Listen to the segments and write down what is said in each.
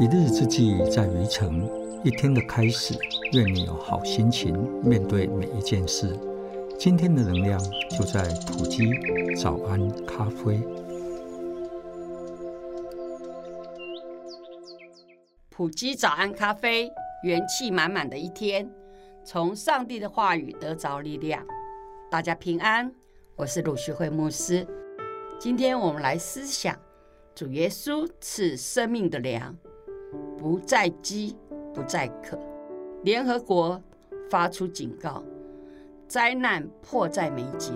一日之計在於晨，一天的開始，願你有好心情面對每一件事。今天的能量就在埔基早安咖啡。埔基早安咖啡，元氣滿滿的一天，從上帝的話語得着力量。大家平安，我是魯學蕙牧師。今天我們來思想，主耶穌賜生命的糧，不再飢，不在渴。聯合國發出警告，災難迫在眉睫，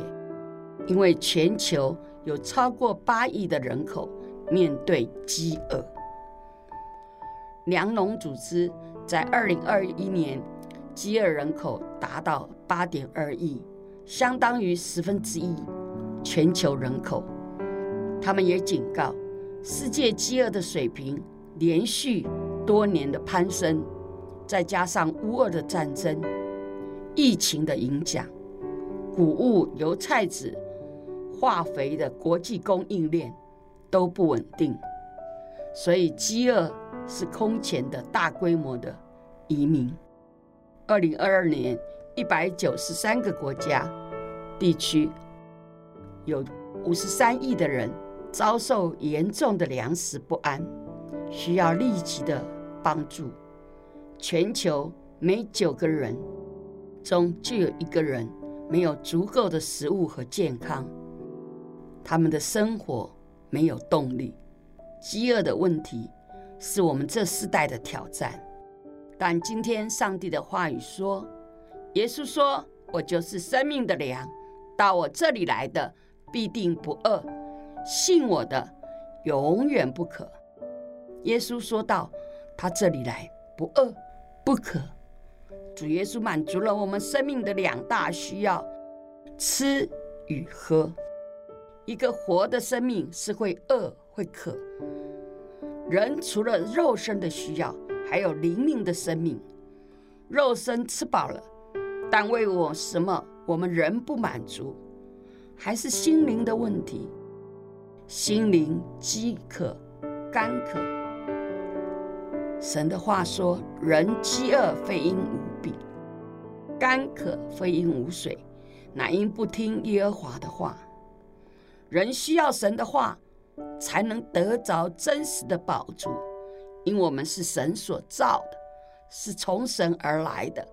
因為全球有超過八億的人口面對飢餓。糧農組織在二零二一年，飢餓人口達到八點二億，相當於十分之一全球人口。他們也警告，世界飢餓的水平連續多年的攀升，再加上烏俄的戰爭、疫情的影響，穀物、油菜籽、化肥的國際供應鏈都不穩定，所以飢餓是空前的大規模的移民。二零二二年，一百九十三個國家地區有五十三億的人，遭受嚴重的糧食不安，需要立即的幫助。全球每九個人中就有一個人沒有足夠的食物和健康，他們的生活沒有動力。飢餓的問題是我們這世代的挑戰。但今天，上帝的話語說：“耶穌說，我就是生命的糧，到我這裡來的必定不餓。”信我的，永遠不渴。耶穌說，到他這裏來不餓不渴。主耶穌滿足了我們生命的兩大需要：吃與喝。一個活的生命是會餓會渴。人除了肉身的需要，還有靈靈的生命。肉身吃飽了，但為我什麼我們仍不滿足？還是心靈的問題。心靈飢渴、乾渴。神的話說：“人飢餓非因無餅，乾渴非因無水，乃因不聽耶和華的話。”人需要神的話，才能得着真實的寶珠，因我們是神所造的，是從神而來的。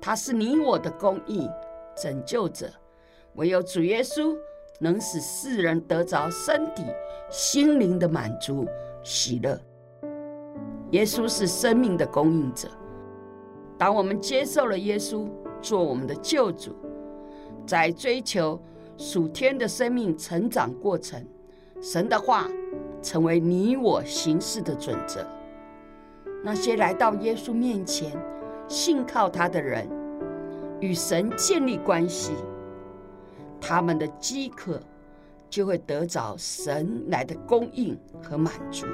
他是你我的公義拯救者，唯有主耶穌。能使世人得着身體、心靈的滿足、喜樂。耶穌是生命的供應者。當我們接受了耶穌做我們的救主，在追求屬天的生命成長過程，神的話成為你我行事的準則。那些來到耶穌面前信靠他的人，與神建立關係。他們的飢渴就會得着神來的供應和滿足。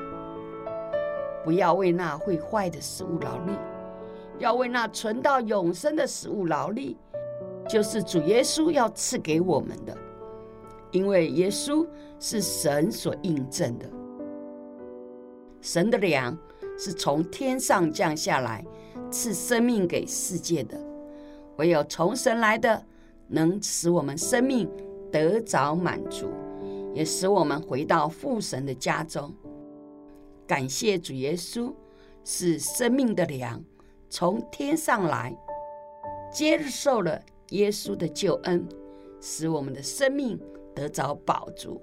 不要為那會壞的食物勞力，要為那存到永生的食物勞力，就是主耶穌要賜給我們的。因為耶穌是神所印證的，神的糧是從天上降下來賜生命給世界的，唯有從神來的，能使我們生命得着滿足，也使我們回到父神的家中。感謝主耶穌是生命的糧，從天上來，接受了耶穌的救恩，使我們的生命得着飽足。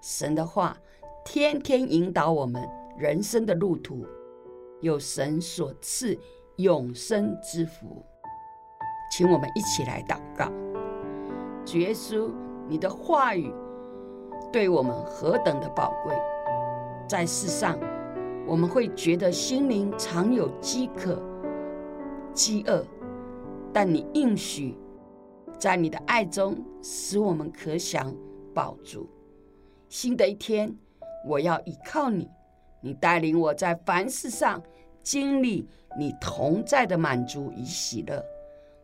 神的話天天引導我們人生的路途，有神所賜永生之福。請我們一起來禱告。主耶穌，你的話語對我們何等的寶貴！在世上，我們會覺得心靈常有飢渴、飢餓，但你應許，在你的愛中使我們可享飽足。新的一天，我要依靠你，你帶領我在凡事上經歷你同在的滿足與喜樂。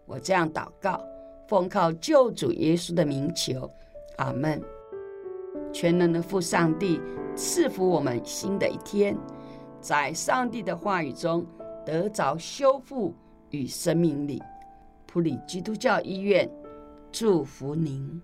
我這樣禱告，奉靠救主耶穌的名求，阿門。全能的父上帝賜福我們新的一天，在上帝的話語中得着修復與生命力。埔里基督教醫院祝福您。